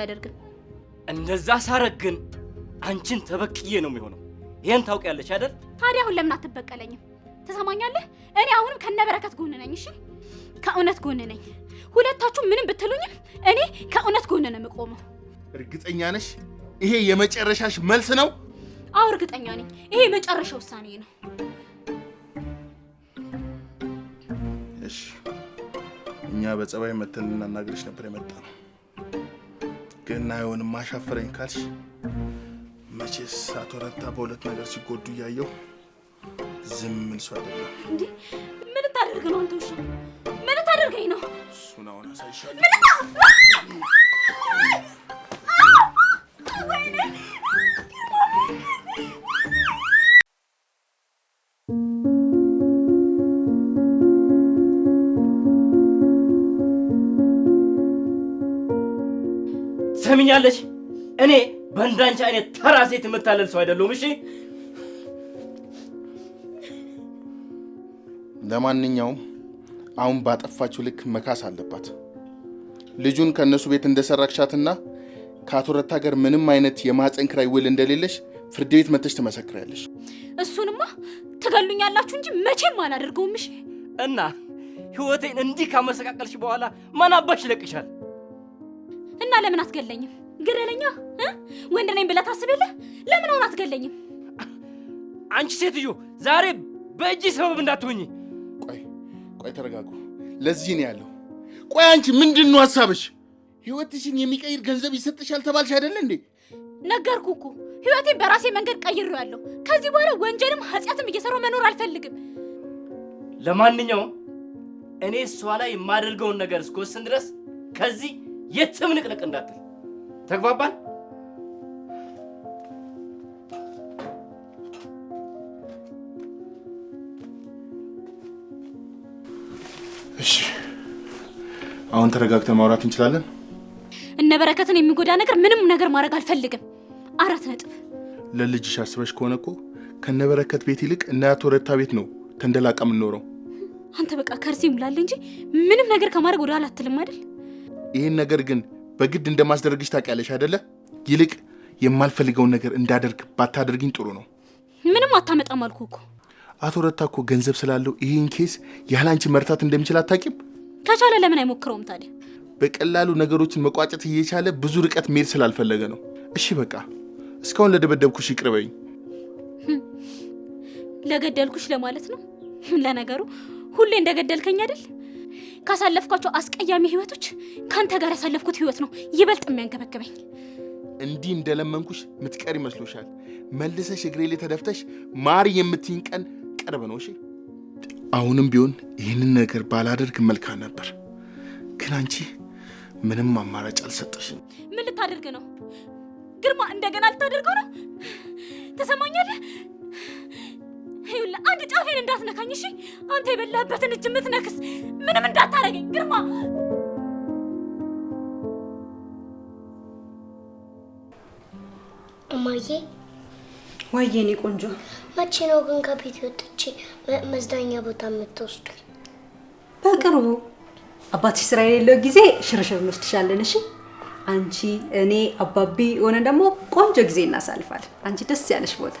አያደርግም። እንደዛ ሳረግ ግን አንቺን ተበቅዬ ነው የሚሆነው። ይሄን ታውቂያለሽ አይደል? ታዲያ አሁን ለምን አትበቀለኝም? ትሰማኛለህ? እኔ አሁንም ከነበረከት ጎን ነኝ። እሺ ከእውነት ጎን ነኝ። ሁለታችሁ ምንም ብትሉኝም እኔ ከእውነት ጎን ነው የምቆመው። እርግጠኛ ነሽ? ይሄ የመጨረሻሽ መልስ ነው? አዎ እርግጠኛ ነኝ። ይሄ የመጨረሻ ውሳኔ ነው። እሺ እኛ በጸባይ መተን ልናናግርሽ ነበር የመጣ ነው። ግን አይሆንም አሻፈረኝ ካልሽ መቼስ አቶ ረታ በሁለት ነገር ሲጎዱ እያየው ዝም ምን ሰው አይደለም። እንዴ ምን ታደርግ ነው አንተ? ውሻ ምን ታደርገኝ ነው? እሱን አሁን አሳይሻለሁ። ትሰሚኛለሽ? እኔ በእንዳንቺ አይነት ተራ ሴት የምታለል ሰው አይደለሁም። እሺ። ለማንኛውም አሁን ባጠፋችው ልክ መካስ አለባት። ልጁን ከእነሱ ቤት እንደሰራክሻትና ከአቶ ረታ ጋር ምንም አይነት የማህፀን ክራይ ውል እንደሌለሽ ፍርድ ቤት መጥተሽ ትመሰክሪያለሽ። እሱንማ ትገሉኛላችሁ እንጂ መቼም አላደርገውም። እሺ። እና ህይወቴን እንዲህ ካመሰቃቀልሽ በኋላ አባሽ ይለቅሻል? እና ለምን አትገለኝም? ግረለኛ ወንድ ነኝ ብለህ ታስብ ለምን አሁን አትገለኝም? አንቺ ሴትዮ ዛሬ በእጅ ሰበብ እንዳትሆኝ። ቆይ ቆይ፣ ተረጋጉ። ለዚህ ነው ያለው። ቆይ አንቺ ምንድን ነው ሀሳብሽ? ህይወትሽን የሚቀይር ገንዘብ ይሰጥሻል ተባልሽ አይደለ እንዴ? ነገርኩ እኮ ህይወቴን በራሴ መንገድ ያለሁ ከዚህ በኋላ ወንጀልም ኃጢአትም እየሰራው መኖር አልፈልግም። ለማንኛውም እኔ እሷ ላይ የማደርገውን ነገር እስከወስን ድረስ ከዚህ የትም ንቅንቅ እንዳትል። ተግባባን? እሺ፣ አሁን ተረጋግተን ማውራት እንችላለን። እነ በረከትን የሚጎዳ ነገር ምንም ነገር ማድረግ አልፈልግም። አራት ነጥብ። ለልጅሽ አስበሽ ከሆነ እኮ ከነበረከት ቤት ይልቅ እነ አቶ ረታ ቤት ነው ተንደላቃ የምንኖረው። አንተ በቃ ከርሲ ሙላለ እንጂ ምንም ነገር ከማድረግ ወደ ኋላ አትልም አይደል? ይህን ነገር ግን በግድ እንደማስደረግሽ ታውቂያለሽ አይደለ? ይልቅ የማልፈልገውን ነገር እንዳደርግ ባታደርግኝ ጥሩ ነው። ምንም አታመጣም አልኩ እኮ። አቶ ረታ እኮ ገንዘብ ስላለው ይህን ኬስ ያለ አንቺ መርታት እንደሚችል አታውቂም። ከቻለ ለምን አይሞክረውም ታዲያ? በቀላሉ ነገሮችን መቋጨት እየቻለ ብዙ ርቀት መሄድ ስላልፈለገ ነው። እሺ በቃ እስካሁን ለደበደብኩሽ ይቅርበኝ ለገደልኩሽ ለማለት ነው። ለነገሩ ሁሌ እንደገደልከኝ አይደል? ካሳለፍኳቸው አስቀያሚ ህይወቶች ከአንተ ጋር ያሳለፍኩት ህይወት ነው ይበልጥ የሚያንገበግበኝ። እንዲህ እንደለመንኩሽ ምትቀር ይመስሎሻል? መልሰሽ እግሬ ላይ ተደፍተሽ ማሪ የምትይኝ ቀን ቅርብ ነው። እሺ፣ አሁንም ቢሆን ይህንን ነገር ባላደርግ መልካም ነበር፣ ግን አንቺ ምንም አማራጭ አልሰጠሽም። ምን ልታደርግ ነው ግርማ? እንደገና ልታደርገው ነው? ተሰማኛለህ ይኸውልህ አንድ ጫፌን እንዳትነካኝ እሺ? አንተ የበላህበትን እጅ የምትነክስ ምንም እንዳታረገኝ ግርማ። እማዬ ወይዬ፣ እኔ ቆንጆ፣ መቼ ነው ግን ከቤት ወጥቼ መዝናኛ ቦታ የምትወስዱኝ? በቅርቡ አባትሽ ስራ የሌለው ጊዜ ሽርሽር እንወስድሻለን። እሺ አንቺ፣ እኔ፣ አባቢ ሆነ ደግሞ ቆንጆ ጊዜ እናሳልፋለን። አንቺ ደስ ያለሽ ቦታ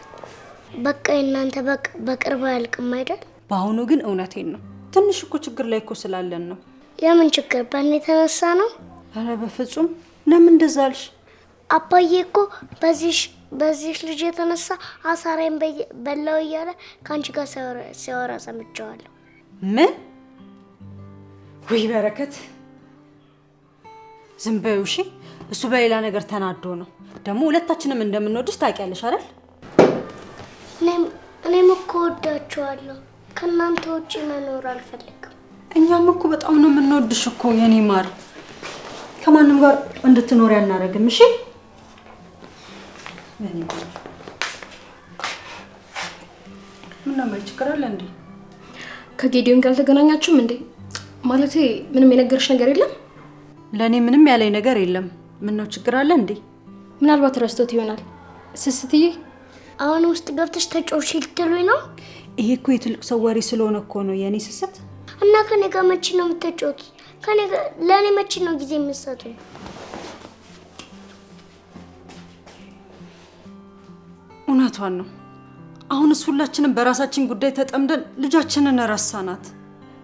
በቃ እናንተ በቅርብ አያልቅም አይደል? በአሁኑ ግን እውነቴን ነው። ትንሽ እኮ ችግር ላይ እኮ ስላለን ነው። የምን ችግር? በእኔ የተነሳ ነው? አረ በፍጹም ለምን እንደዛ አልሽ? አባዬ እኮ በዚህ ልጅ የተነሳ አሳራይን በላው እያለ ከአንቺ ጋር ሲያወራ ሰምቼዋለሁ። ምን? ወይ በረከት ዝም በይው እሺ። እሱ በሌላ ነገር ተናዶ ነው። ደግሞ ሁለታችንም እንደምንወድሽ ታውቂያለሽ አይደል? እኔም እኮ ወዳችኋለሁ። ከእናንተ ውጭ መኖር አልፈልግም። እኛም እኮ በጣም ነው የምንወድሽ እኮ የኔ ማር። ከማንም ጋር እንድትኖሪ አናደርግም። እሺ ምናምን ችግር አለ እንዴ? ከጌዲዮን ጋር አልተገናኛችሁም እንዴ? ማለቴ ምንም የነገረሽ ነገር የለም? ለእኔ ምንም ያለኝ ነገር የለም። ምነው ችግር አለ እንዴ? ምናልባት ረስቶት ይሆናል ስስትዬ አሁን ውስጥ ገብተሽ ተጮሽ ልትሉኝ ነው? ይሄ እኮ የትልቅ ሰው ወሬ ስለሆነ እኮ ነው የእኔ ስስት። እና ከኔ ጋር መቼ ነው ከኔ ጋር ለእኔ መቼ ነው ጊዜ የምትሰጡኝ? እውነቷን ነው። አሁንስ ሁላችንም በራሳችን ጉዳይ ተጠምደን ልጃችንን ረሳናት።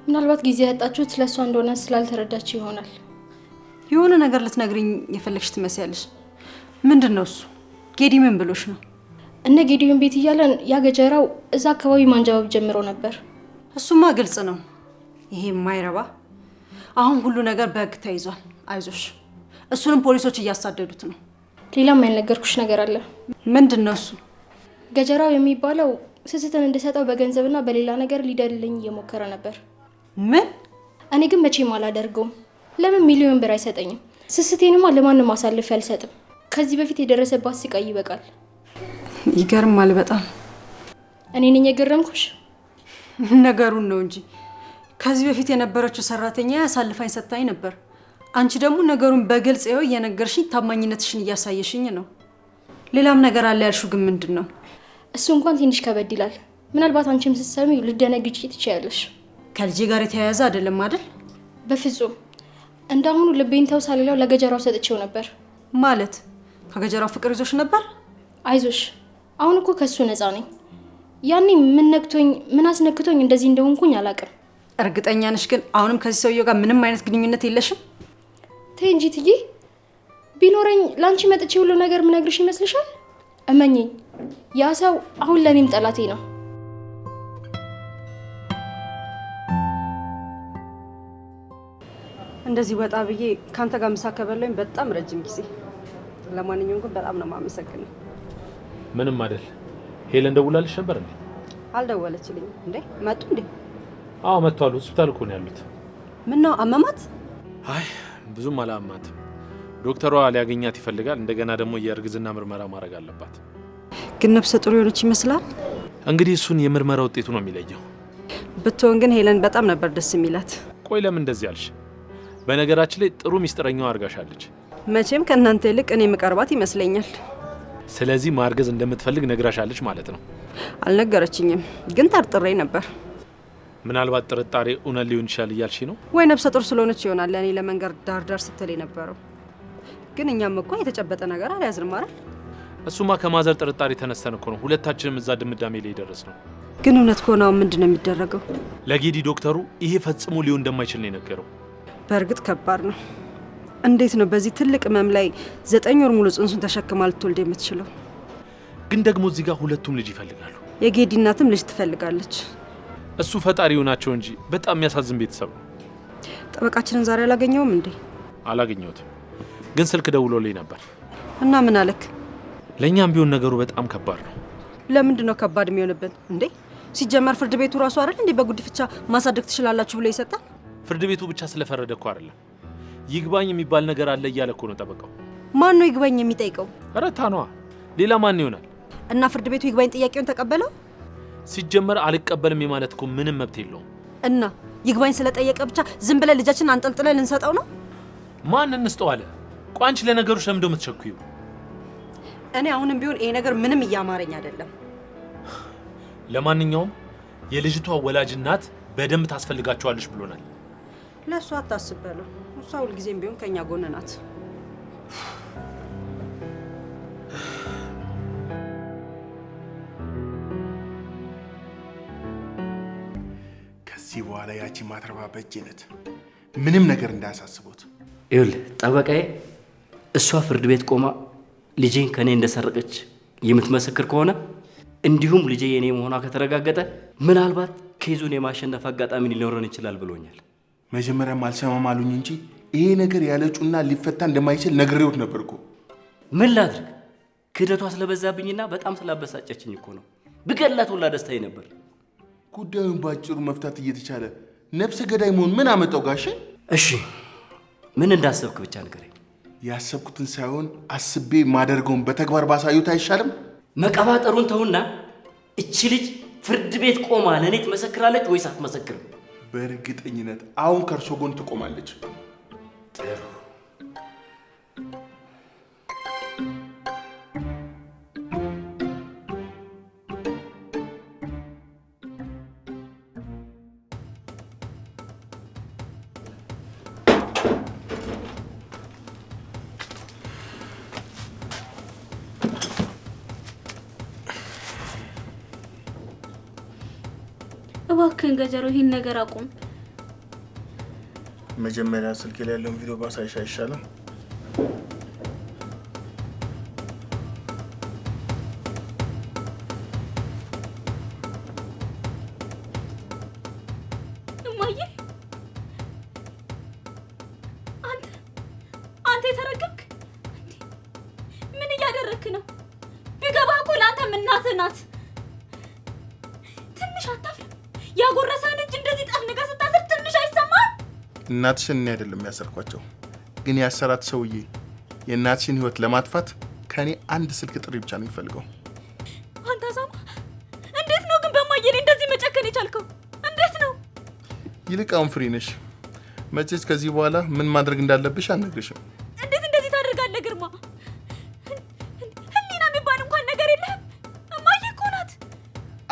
ምናልባት ጊዜ ያጣችሁት ለእሷ እንደሆነ ስላልተረዳች ይሆናል። የሆነ ነገር ልትነግርኝ የፈለግሽ ትመስያለሽ። ምንድን ነው እሱ? ጌዲ ምን ብሎሽ ነው? እነ ጌዲዮን ቤት እያለን ያገጀራው እዛ አካባቢ ማንጃበብ ጀምሮ ነበር። እሱማ ግልጽ ነው። ይሄ የማይረባ አሁን ሁሉ ነገር በህግ ተይዟል። አይዞሽ። እሱንም ፖሊሶች እያሳደዱት ነው። ሌላም ያልነገርኩሽ ነገር አለ። ምንድን ነው እሱ? ገጀራው የሚባለው ስስትን እንድሰጠው በገንዘብና በሌላ ነገር ሊደልልኝ እየሞከረ ነበር። ምን? እኔ ግን መቼም አላደርገውም። ለምን ሚሊዮን ብር አይሰጠኝም? ስስቴንማ ለማንም አሳልፌ አልሰጥም። ከዚህ በፊት የደረሰባት ስቃይ ይበቃል። ይገርማል በጣም። እኔ ነኝ የገረምኩሽ? ነገሩን ነው እንጂ ከዚህ በፊት የነበረችው ሰራተኛ ያሳልፋኝ ሰታኝ ነበር። አንቺ ደግሞ ነገሩን በግልጽ ይኸው እየነገርሽኝ ታማኝነትሽን እያሳየሽኝ ነው። ሌላም ነገር አለ ያልሽው ግን ምንድን ነው? እሱ እንኳን ትንሽ ከበድ ይላል። ምናልባት አንቺም ስትሰሚው ልደነግጪ ትችያለሽ። ከልጄ ጋር የተያያዘ አይደለም አይደል? በፍጹም እንዳሁኑ ልቤን ተውሳ ሌላው ለገጀራው ሰጥቼው ነበር። ማለት ከገጀራው ፍቅር ይዞሽ ነበር? አይዞሽ አሁን እኮ ከሱ ነፃ ነኝ። ያኔ ምን ነክቶኝ ምን አስነክቶኝ እንደዚህ እንደሆንኩኝ አላውቅም። እርግጠኛ ነሽ ግን አሁንም ከዚህ ሰውየው ጋር ምንም አይነት ግንኙነት የለሽም? ተይ እንጂ ትዬ፣ ቢኖረኝ ለአንቺ መጥቼ ሁሉ ነገር ምነግርሽ ይመስልሻል? እመኝኝ፣ ያ ሰው አሁን ለእኔም ጠላቴ ነው። እንደዚህ ወጣ ብዬ ከአንተ ጋር ምሳ ከበላኝ በጣም ረጅም ጊዜ። ለማንኛውም ግን በጣም ነው የማመሰግነው። ምንም አይደል። ሄለን ደውላልሽ ነበር እንዴ? አልደወለችልኝ። እንዴ መጡ እንዴ? አዎ መጥቷል። ሆስፒታል እኮ ነው ያሉት። ነው አመማት? አይ ብዙም አላማት። ዶክተሯ ሊያገኛት ይፈልጋል። እንደገና ደግሞ የእርግዝና ምርመራ ማድረግ አለባት። ግን ነፍሰ ጡር የሆነች ይመስላል። እንግዲህ እሱን የምርመራ ውጤቱ ነው የሚለየው። ብትሆን ግን ሄለን በጣም ነበር ደስ የሚላት። ቆይ ለምን እንደዚህ አልሽ? በነገራችን ላይ ጥሩ ሚስጥረኛዋ አድርጋሻለች። መቼም ከእናንተ ይልቅ እኔ የምቀርባት ይመስለኛል። ስለዚህ ማርገዝ እንደምትፈልግ ነግራሻለች ማለት ነው? አልነገረችኝም፣ ግን ጠርጥሬ ነበር። ምናልባት ጥርጣሬ እውነት ሊሆን ይችላል እያልሽ ነው ወይ? ነፍሰ ጡር ስለሆነች ይሆናል ለእኔ ለመንገር ዳር ዳር ስትል የነበረው። ግን እኛም እኮ የተጨበጠ ነገር አልያዝንም አይደል? እሱማ ከማዘር ጥርጣሬ ተነስተን እኮ ነው ሁለታችንም እዛ ድምዳሜ ላይ ደረስ ነው። ግን እውነት ከሆነ ምንድን ነው የሚደረገው? ለጌዲ ዶክተሩ ይሄ ፈጽሞ ሊሆን እንደማይችል ነው የነገረው። በእርግጥ ከባድ ነው። እንዴት ነው በዚህ ትልቅ ህመም ላይ ዘጠኝ ወር ሙሉ ጽንሱን ተሸክማ ልትወልድ የምትችለው? ግን ደግሞ እዚህ ጋር ሁለቱም ልጅ ይፈልጋሉ። የጌዲ እናትም ልጅ ትፈልጋለች። እሱ ፈጣሪው ናቸው እንጂ በጣም የሚያሳዝን ቤተሰብ ነው። ጠበቃችንን ዛሬ አላገኘውም እንዴ? አላገኘሁትም፣ ግን ስልክ ደውሎልኝ ነበር። እና ምን አለክ? ለእኛም ቢሆን ነገሩ በጣም ከባድ ነው። ለምንድን ነው ከባድ የሚሆንብን እንዴ? ሲጀመር ፍርድ ቤቱ ራሱ አይደል እንዴ በጉድፍቻ ማሳደግ ትችላላችሁ ብሎ ይሰጣል። ፍርድ ቤቱ ብቻ ስለፈረደ እኮ አይደለም ይግባኝ የሚባል ነገር አለ እያለ እኮ ነው ጠበቃው። ማን ነው ይግባኝ የሚጠይቀው? ረታ ታኗ፣ ሌላ ማን ይሆናል? እና ፍርድ ቤቱ ይግባኝ ጥያቄውን ተቀበለው? ሲጀመር አልቀበልም የማለት እኮ ምንም መብት የለውም። እና ይግባኝ ስለጠየቀ ብቻ ዝም ብለን ልጃችን አንጠልጥለን ልንሰጠው ነው? ማን እንስጠው አለ? ለነገሩ ለነገሮች ለምዶ የምትቸኩዩ? እኔ አሁንም ቢሆን ይሄ ነገር ምንም እያማረኝ አይደለም። ለማንኛውም የልጅቷ ወላጅ እናት በደንብ ታስፈልጋቸዋለች ብሎናል። ለእሷ አታስብ እሷ ሁልጊዜም ቢሆን ከኛ ጎን ናት። ከዚህ በኋላ ያቺ ማትረባ በጅነት ምንም ነገር እንዳያሳስቡት። ይኸውልህ ጠበቃዬ፣ እሷ ፍርድ ቤት ቆማ ልጄን ከእኔ እንደሰረቀች የምትመሰክር ከሆነ እንዲሁም ልጄ የእኔ መሆኗ ከተረጋገጠ ምናልባት ኬዙን የማሸነፍ አጋጣሚ ሊኖረን ይችላል ብሎኛል። መጀመሪያም አልሰማም አሉኝ እንጂ ይሄ ነገር ያለጩና ሊፈታ እንደማይችል ነግሬዎት ነበር እኮ። ምን ላድርግ? ክህደቷ ስለበዛብኝና በጣም ስላበሳጨችኝ እኮ ነው። ብገላት ሁላ ደስታዬ ነበር። ጉዳዩን በአጭሩ መፍታት እየተቻለ ነፍሰ ገዳይ መሆን ምን አመጣው ጋሽ? እሺ ምን እንዳሰብክ ብቻ ንገረኝ። ያሰብኩትን ሳይሆን አስቤ ማደርገውን በተግባር ባሳዩት አይሻልም? መቀባጠሩን ተውና፣ እቺ ልጅ ፍርድ ቤት ቆማ ለእኔ ትመሰክራለች ወይስ አትመሰክርም? በእርግጠኝነት አሁን ከእርሶ ጎን ትቆማለች። ገጀሮ ይህን ነገር አቁም። መጀመሪያ ስልክ ላይ ያለውን ቪዲዮ ባሳይሻ አይሻልም? እናትሽን እኔ አይደለም ያሰርኳቸው፣ ግን ያሰራት ሰውዬ የእናትሽን ህይወት ለማጥፋት ከእኔ አንድ ስልክ ጥሪ ብቻ ነው የሚፈልገው። አንተ ሳማ፣ እንዴት ነው ግን በማየ ላይ እንደዚህ መጨከን የቻልከው? እንዴት ነው? ይልቅ አሁን ፍሪ ነሽ። መቼስ ከዚህ በኋላ ምን ማድረግ እንዳለብሽ አልነግርሽም። እንዴት እንደዚህ ታደርጋለህ ግርማ? ህሊና የሚባል እንኳን ነገር የለህም። እማዬ እኮ ናት።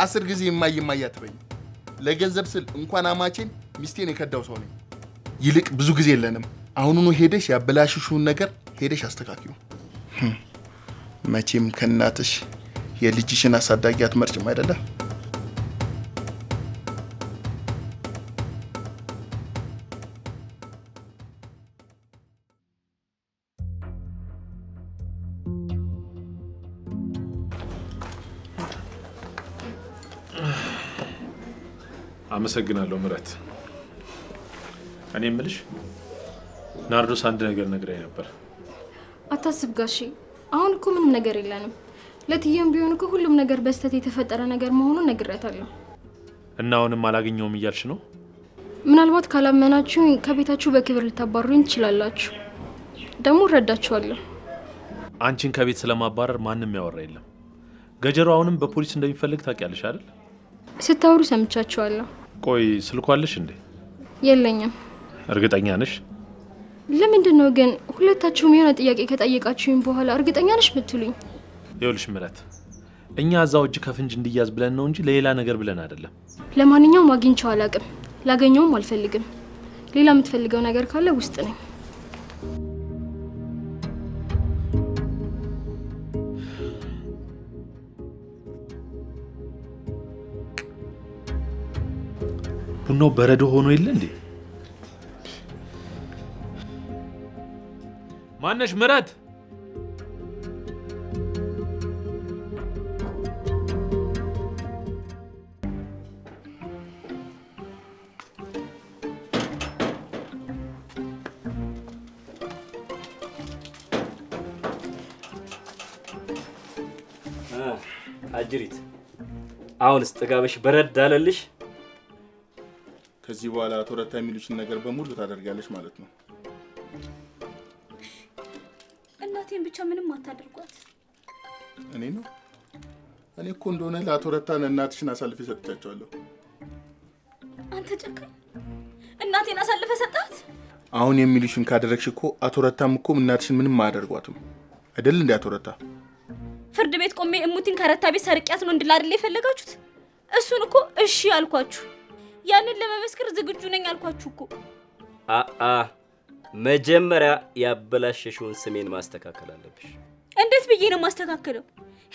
አስር ጊዜ እማዬ እማዬ አትበይኝ። ለገንዘብ ስል እንኳን አማቼን ሚስቴን የከዳው ሰው ነኝ። ይልቅ ብዙ ጊዜ የለንም። አሁኑኑ ሄደሽ ያበላሽሽውን ነገር ሄደሽ አስተካክዩ። hm። መቼም ከእናትሽ የልጅሽን አሳዳጊ አትመርጭም አይደለም? አመሰግናለሁ ምረት። እኔ የምልሽ ናርዶስ አንድ ነገር ነግረኝ ነበር። አታስብ ጋሼ፣ አሁን እኮ ምንም ነገር የለንም። ለትየም ቢሆን እኮ ሁሉም ነገር በስተት የተፈጠረ ነገር መሆኑን ነግሬያታለሁ። እና አሁንም አላገኘውም እያልሽ ነው? ምናልባት ካላመናችሁ ከቤታችሁ በክብር ልታባሩኝ ትችላላችሁ። ደግሞ እረዳችኋለሁ። አንቺን ከቤት ስለማባረር ማንም ያወራ የለም። ገጀሮ አሁንም በፖሊስ እንደሚፈልግ ታውቂያለሽ አይደል? ስታወሩ ሰምቻችኋለሁ። ቆይ ስልኳለሽ እንዴ? የለኝም እርግጠኛ ነሽ? ለምንድን ነው ግን ሁለታችሁም የሆነ ጥያቄ ከጠየቃችሁኝ በኋላ እርግጠኛ ነሽ ምትሉኝ? ይኸውልሽ ምረት፣ እኛ እዛው እጅ ከፍንጅ እንዲያዝ ብለን ነው እንጂ ለሌላ ነገር ብለን አይደለም። ለማንኛውም አግኝቼው አላቅም፣ ላገኘውም አልፈልግም። ሌላ የምትፈልገው ነገር ካለ ውስጥ ነኝ። ቡናው በረዶ ሆኖ የለ እንዴ? ማነሽ ምረት አጅሪት አሁንስ ጥጋብሽ በረድ አለልሽ። ከዚህ በኋላ አቶ ረታ የሚሉሽን ነገር በሙሉ ታደርጋለሽ ማለት ነው። እናቴን ብቻ ምንም አታደርጓት። እኔ ነው እኔ እኮ እንደሆነ ለአቶ ረታን እናትሽን አሳልፌ ሰጥቻቸዋለሁ። አንተ ጨካኝ! እናቴን አሳልፈ ሰጣት። አሁን የሚልሽን ካደረግሽ እኮ አቶ ረታም እኮ እናትሽን ምንም አያደርጓትም አይደል? እንደ አቶ ረታ ፍርድ ቤት ቆሜ እሙቲን ከረታ ቤት ሰርቂያት ነው እንድል አይደል የፈለጋችሁት? እሱን እኮ እሺ አልኳችሁ። ያንን ለመመስከር ዝግጁ ነኝ አልኳችሁ እኮ መጀመሪያ ያበላሸሽውን ስሜን ማስተካከል አለብሽ። እንዴት ብዬ ነው ማስተካከለው?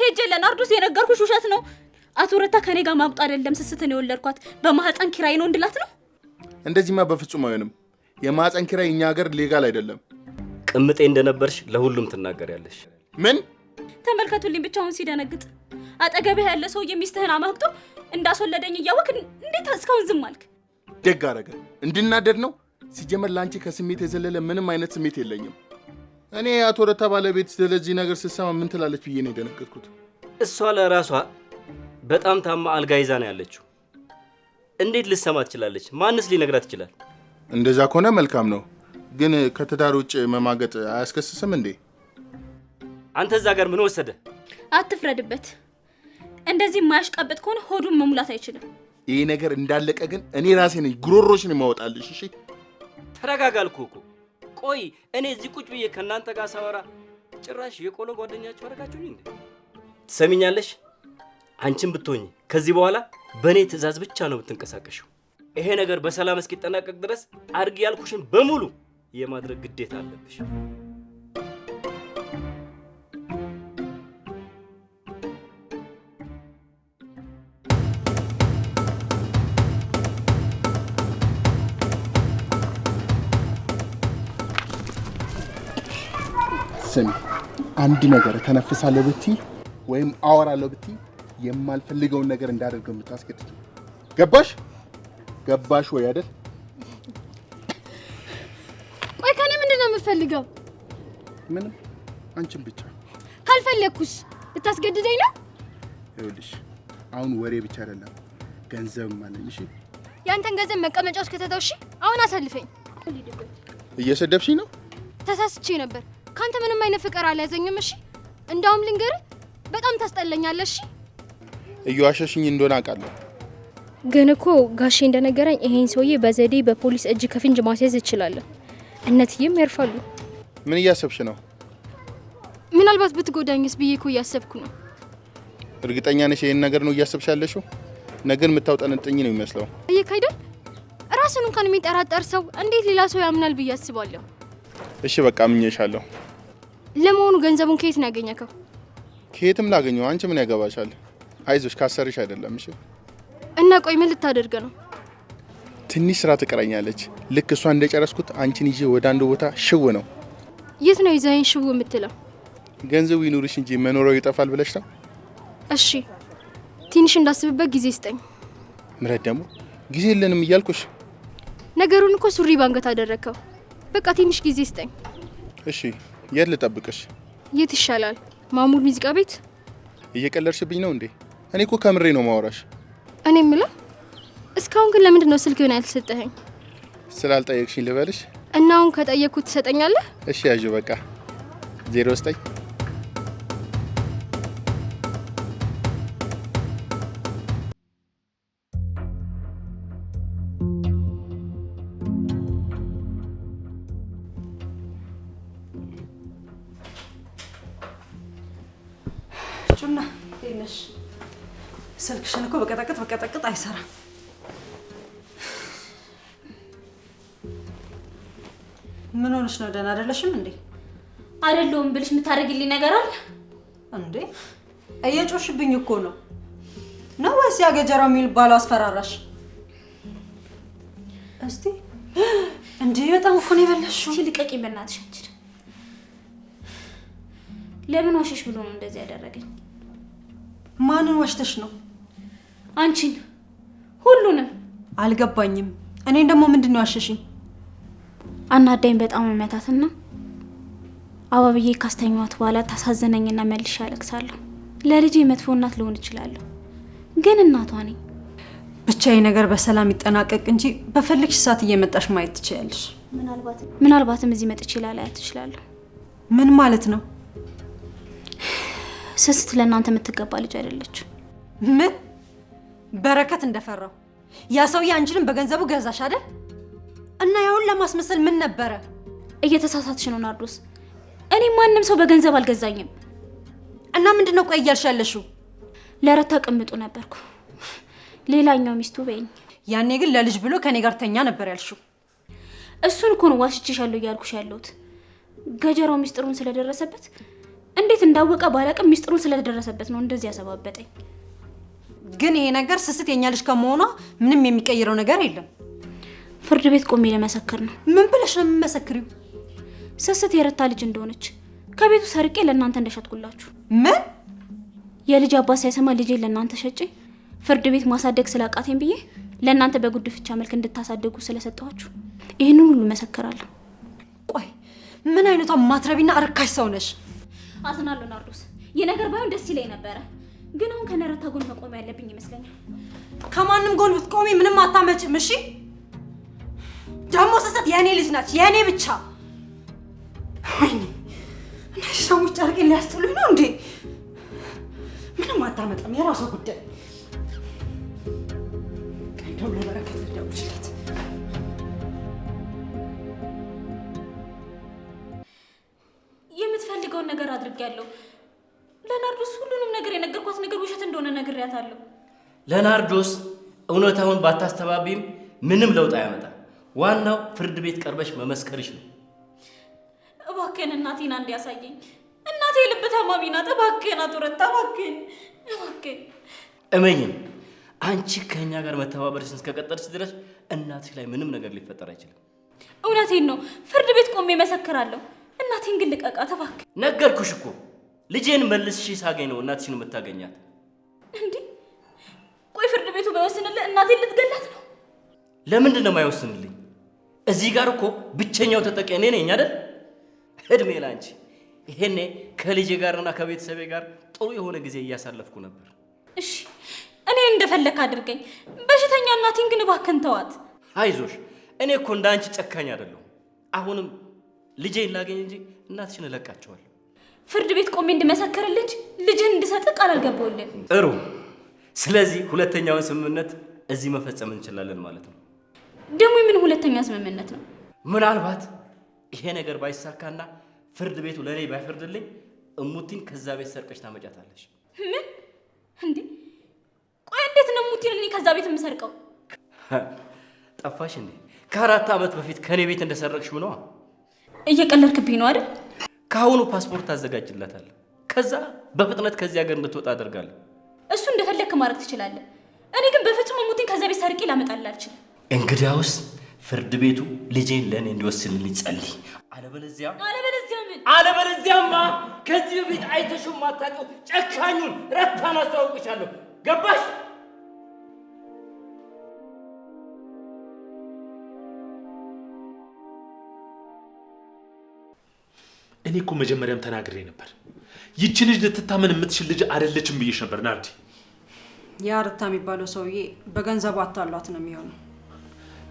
ሄጄ ለናርዶስ የነገርኩሽ ውሸት ነው። አቶ ረታ ከኔ ጋር ማብጣ አይደለም ስስትን የወለድኳት በማህፀን ኪራይ ነው እንድላት ነው። እንደዚህማ በፍጹም አይሆንም። የማህፀን ኪራይ እኛ ሀገር ሌጋል አይደለም። ቅምጤ እንደነበርሽ ለሁሉም ትናገሪያለሽ። ምን ተመልከቱልኝ፣ ብቻውን ሲደነግጥ አጠገብህ ያለ ሰውዬ የሚስትህን አማክቶ እንዳስወለደኝ እያወቅ እንዴት እስካሁን ዝም አልክ? ደግ አረገ። እንድናደድ ነው ሲጀመር ለአንቺ ከስሜት የዘለለ ምንም አይነት ስሜት የለኝም። እኔ አቶ ረታ ባለቤት ስለዚህ ነገር ስትሰማ ምን ትላለች ብዬ ነው የደነገጥኩት። እሷ ለራሷ በጣም ታማ አልጋ ይዛ ነው ያለችው። እንዴት ልሰማ ትችላለች? ማንስ ሊነግራት ይችላል? እንደዛ ከሆነ መልካም ነው፣ ግን ከትዳር ውጭ መማገጥ አያስከስስም እንዴ? አንተ እዛ ጋር ምን ወሰደ? አትፍረድበት። እንደዚህ የማያሽቃበት ከሆነ ሆዱን መሙላት አይችልም። ይህ ነገር እንዳለቀ ግን እኔ ራሴ ነኝ ጉሮሮሽን የማወጣልሽ። እሺ ተረጋጋልኩ እኮ። ቆይ እኔ እዚህ ቁጭ ብዬ ከእናንተ ጋር ሳወራ ጭራሽ የቆሎ ጓደኛችሁ አደረጋችሁኝ እንዴ? ትሰሚኛለሽ? አንቺን ብትሆኝ ከዚህ በኋላ በእኔ ትዕዛዝ ብቻ ነው የምትንቀሳቀሽው። ይሄ ነገር በሰላም እስኪጠናቀቅ ድረስ አድርጊ ያልኩሽን በሙሉ የማድረግ ግዴታ አለብሽ። ስሚ፣ አንድ ነገር ተነፍሳለሁ ብቲ ወይም አወራለሁ ብቲ የማልፈልገውን ነገር እንዳደርገው የምታስገድድ ገባሽ? ገባሽ ወይ አይደል? ቆይ ከኔ ምንድን ነው የምፈልገው? ምንም፣ አንቺን ብቻ። ካልፈለግኩሽ ልታስገድደኝ ነው? ይኸውልሽ አሁን ወሬ ብቻ አይደለም ገንዘብም አለኝ። እሺ፣ ያንተን ገንዘብ መቀመጫዎች ከተተውሽ አሁን አሳልፈኝ። እየሰደብሽኝ ነው? ተሳስቼ ነበር ካንተ ምንም አይነት ፍቅር አልያዘኝም። እሺ እንዳውም ልንገር በጣም እሺ፣ እየዋሸሽኝ እንደሆነ አውቃለሁ፣ ግን እኮ ጋሼ እንደነገረኝ ይሄን ሰውዬ በዘዴ በፖሊስ እጅ ከፍንጅ ማስያዝ እችላለሁ። እነትዬም ያርፋሉ። ምን እያሰብሽ ነው? ምናልባት ብትጎዳኝስ ብዬ እኮ እያሰብኩ ነው። እርግጠኛ ነሽ ይሄን ነገር ነው እያሰብሽ ያለሽው? ነገር የምታውጠንጥኝ ነው የሚመስለው። እየክ አይደል? ራሱን እንኳን የሚጠራጠር ሰው እንዴት ሌላ ሰው ያምናል ብዬ አስባለሁ። እሺ በቃ አምኜሻለሁ። ለመሆኑ ገንዘቡን ከየት ነው ያገኘከው? ከየትም ላገኘው። አንቺ ምን ያገባሻል? አይዞሽ ካሰርሽ አይደለም። እሺ። እና ቆይ ምን ልታደርገ ነው? ትንሽ ስራ ትቀረኛለች። ልክ እሷ እንደጨረስኩት አንቺን ይዤ ወደ አንዱ ቦታ ሽው ነው። የት ነው ይዘኸኝ ሽው የምትለው? ገንዘቡ ይኑርሽ እንጂ መኖሪያው ይጠፋል ብለሽ ነው። እሺ፣ ትንሽ እንዳስብበት ጊዜ ስጠኝ። ምረት ደግሞ ጊዜ የለንም እያልኩሽ። ነገሩን እኮ ሱሪ ባንገት አደረግከው። በቃ ትንሽ ጊዜ ስጠኝ። እሺ የት ልጠብቅሽ? የት ይሻላል? ማሙል ሙዚቃ ቤት። እየቀለድሽብኝ ነው እንዴ? እኔ እኮ ከምሬ ነው ማወራሽ። እኔ የምለው እስካሁን ግን ለምንድን ነው ስልክህን ያልተሰጠኸኝ? ስላልጠየቅሽኝ ልበልሽ? እና አሁን ከጠየቅኩ ትሰጠኛለህ? እሺ ያዥ በቃ ዜሮ ስጠኝ አይሰራም። ምን ሆነሽ ነው? ደህና አይደለሽም እንዴ? አይደለሁም ብልሽ የምታደርግልኝ ነገር አለ እንዴ? እየጮሽብኝ እኮ ነው ነው ወይስ ያገጀራው የሚል አስፈራራሽ? እስቲ እንዴ! በጣም እኮ ነው የበላሽው። ልቀቂ በእናትሽ አንቺ። ለምን ዋሸሽ ብሎ ነው እንደዚህ ያደረገኝ? ማንን ዋሽተሽ ነው? አንቺን ሁሉንም አልገባኝም። እኔን ደግሞ ምንድን ነው ያሸሽኝ? አናዳኝ በጣም መመታትና አባብዬ ካስተኛዋት በኋላ ታሳዝነኝና መልሼ አለቅሳለሁ። ለልጄ መጥፎ እናት ልሆን እችላለሁ፣ ግን እናቷ ነኝ። ብቻ ይህ ነገር በሰላም ይጠናቀቅ እንጂ በፈለግሽ ሰዓት እየመጣሽ ማየት ትችላለሽ። ምናልባትም እዚህ መጥቼ ላላያት እችላለሁ። ምን ማለት ነው? ስስት ለእናንተ የምትገባ ልጅ አይደለችም። ምን በረከት እንደፈራው ያ ሰውዬ አንቺንም በገንዘቡ ገዛሽ አይደል? እና ያውን ለማስመሰል ምን ነበረ? እየተሳሳትሽ ነው ናርዶስ። እኔ ማንም ሰው በገንዘብ አልገዛኝም። እና ምንድን ነው ቆይ እያልሽ ያለሽው? ለረታ ቅምጡ ነበርኩ ሌላኛው ሚስቱ በይኝ። ያኔ ግን ለልጅ ብሎ ከኔ ጋር ተኛ ነበር ያልሽው። እሱን እኮ ነው ዋሽቼሻለሁ እያልኩሽ ያለሁት። ገጀራው ሚስጥሩን ስለደረሰበት እንዴት እንዳወቀ ባላቅም ሚስጥሩን ስለደረሰበት ነው እንደዚህ ያሰባበጠኝ። ግን ይሄ ነገር ስስት የኛ ልጅ ከመሆኗ ምንም የሚቀይረው ነገር የለም። ፍርድ ቤት ቆሜ ለመሰክር ነው። ምን ብለሽ ነው የምመሰክሪው? ስስት የረታ ልጅ እንደሆነች ከቤቱ ሰርቄ ለእናንተ እንደሸጥኩላችሁ። ምን የልጅ አባት ሳይሰማ ልጄ ለእናንተ ሸጬ ፍርድ ቤት ማሳደግ ስላቃቴን ብዬ ለእናንተ በጉድፍቻ መልክ እንድታሳድጉ ስለሰጠኋችሁ ይህንን ሁሉ መሰክራለሁ። ቆይ ምን አይነቷ ማትረቢና አርካሽ ሰው ነሽ! አዝናለሁ ናርዶስ፣ ይህ ነገር ባይሆን ደስ ይለኝ ነበረ። ግን አሁን ከነረታ ጎን መቆም ያለብኝ ይመስለኛል። ከማንም ጎን ብትቆሚ ምንም አታመጭም። እሺ ደግሞ ስሰት የእኔ ልጅ ናች የእኔ ብቻ። ወይኔ እነዚህ ሰዎች ጨርቄ ሊያስጥሉኝ ነው እንዴ? ምንም አታመጣም። የራሷ ጉዳይ። እንደውም ለበረከት ልደውልለት። የምትፈልገውን ነገር አድርጌያለሁ። ለናርዶስ ሁሉንም ነገር የነገርኳት ነገር ውሸት እንደሆነ ነግሬያታለሁ። ለናርዶስ እውነታውን ባታስተባቢም ምንም ለውጥ አያመጣም። ዋናው ፍርድ ቤት ቀርበሽ መመስከርሽ ነው። እባክህን እናቴን አንድ ያሳየኝ። እናቴ ልብ ታማሚ ናት። እባክህን አቶረታ፣ እባክህን፣ እባክህን፣ እባክህን እመኝም አንቺ ከእኛ ጋር መተባበርሽን እስከቀጠልሽ ድረስ እናትሽ ላይ ምንም ነገር ሊፈጠር አይችልም። እውነቴን ነው። ፍርድ ቤት ቆሜ መሰክራለሁ። እናቴን ግን ልቀቃት እባክህ። ነገርኩሽ እኮ ልጄን መልስሽ ሳገኝ ነው እናትሽን የምታገኛት። እንዴ ቆይ ፍርድ ቤቱ ባይወስንልህ እናቴን ልትገላት ነው? ለምንድን ነው የማይወስንልኝ? እዚህ ጋር እኮ ብቸኛው ተጠቂ እኔ ነኝ አይደል? እድሜ ላንቺ። ይሄኔ ከልጄ ጋርና ከቤተሰቤ ጋር ጥሩ የሆነ ጊዜ እያሳለፍኩ ነበር። እሺ እኔ እንደፈለክ አድርገኝ። በሽተኛ እናቴን ግን እባክህን ተዋት። አይዞሽ፣ እኔ እኮ እንደ አንቺ ጨካኝ አይደለሁም። አሁንም ልጄን ላገኝ እንጂ እናትሽን እለቃቸዋለሁ። ፍርድ ቤት ቆሜ እንድመሰክርልህ ልጅን እንድሰጥህ ቃል ጥሩ። ስለዚህ ሁለተኛውን ስምምነት እዚህ መፈጸም እንችላለን ማለት ነው። ደግሞ የምን ሁለተኛ ስምምነት ነው? ምናልባት ይሄ ነገር ባይሳካና ፍርድ ቤቱ ለእኔ ባይፈርድልኝ እሙቲን ከዛ ቤት ሰርቀሽ ታመጫታለሽ። ምን እንዴ? ቆይ እንዴት ነው እሙቲን እኔ ከዛ ቤት የምሰርቀው? ጠፋሽ እንዴ? ከአራት ዓመት በፊት ከእኔ ቤት እንደሰረቅሽ ምነዋ። እየቀለድክብኝ ነው አይደል? ከአሁኑ ፓስፖርት ታዘጋጅላታል። ከዛ በፍጥነት ከዚህ ሀገር እንድትወጣ አደርጋለሁ። እሱ እንደፈለግክ ማድረግ ትችላለህ። እኔ ግን በፍጹም ሙቲን ከዛ ቤት ሰርቄ ላመጣልህ አልችልም። እንግዲያውስ ፍርድ ቤቱ ልጄን ለእኔ እንዲወስንልኝ ጸልይ። አለበለዚያ አለበለዚያ ምን አለበለዚያማ ከዚህ በፊት አይተሽው ማታውቂው ጨካኙን ረታን አስተዋውቅሻለሁ። ገባሽ? እኔ እኮ መጀመሪያም ተናግሬ ነበር። ይቺ ልጅ ልትታመን የምትችል ልጅ አይደለችም ብዬሽ ነበር ናርዲ። ያ ርታ የሚባለው ሰውዬ በገንዘቡ አታሏት ነው የሚሆነው።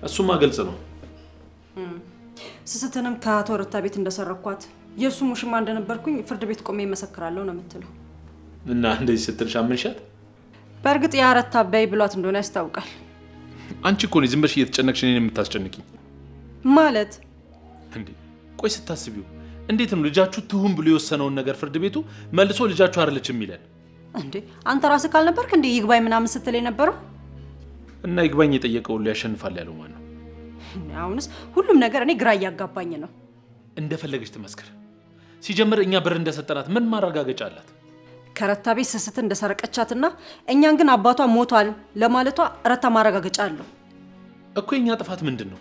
እሱማ ግልጽ ነው። ስስትንም ከአቶ ርታ ቤት እንደሰረኳት የእሱ ሙሽማ እንደነበርኩኝ ፍርድ ቤት ቆሜ ይመሰክራለሁ ነው የምትለው። እና እንደዚህ ስትልሽ አመንሻት። በእርግጥ ያ ርታ በይ ብሏት እንደሆነ ያስታውቃል። አንቺ እኮ ዝም ብለሽ እየተጨነቅሽ እኔን የምታስጨንቂኝ ማለት እንዴ? ቆይ ስታስቢው እንዴት ነው ልጃችሁ ትሁን ብሎ የወሰነውን ነገር ፍርድ ቤቱ መልሶ ልጃችሁ አይደለችም የሚለን? እንዴ አንተ ራስህ ካልነበርክ እንዴ ይግባኝ ምናምን ስትል የነበረው እና ይግባኝ የጠየቀው ሁሉ ያሸንፋል ያለው ማን ነው? አሁንስ ሁሉም ነገር እኔ ግራ እያጋባኝ ነው። እንደፈለገች ትመስክር። ሲጀምር እኛ ብር እንደሰጠናት ምን ማረጋገጫ አላት? ከረታ ቤት ስስት እንደሰረቀቻትና እኛን ግን አባቷ ሞቷል ለማለቷ ረታ ማረጋገጫ አለው እኮ። የእኛ ጥፋት ምንድን ነው?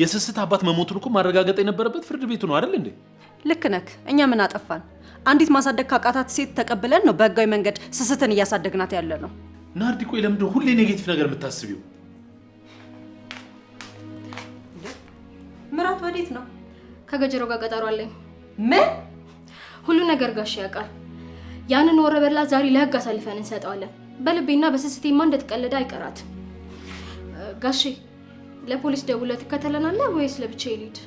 የስስት አባት መሞቱን እኮ ማረጋገጥ የነበረበት ፍርድ ቤቱ ነው አይደል እንዴ? ልክ ነክ። እኛ ምን አጠፋን? አንዲት ማሳደግ ካቃታት ሴት ተቀብለን ነው በህጋዊ መንገድ ስስትን እያሳደግናት ያለ ነው። ናርዲ፣ ቆይ ሁሌ ኔጌቲቭ ነገር የምታስቢው? ምራት ወዴት ነው? ከገጀሮ ጋር ቀጠሮ አለኝ። ምን? ሁሉ ነገር ጋሽ ያውቃል። ያንን ወረበላ ዛሬ ለህግ አሳልፈን እንሰጠዋለን። በልቤና በስስቴማ እንደተቀለደ አይቀራት ጋሼ ለፖሊስ ደውለህ ትከተለናለህ ወይስ ለብቻ ልሂድ?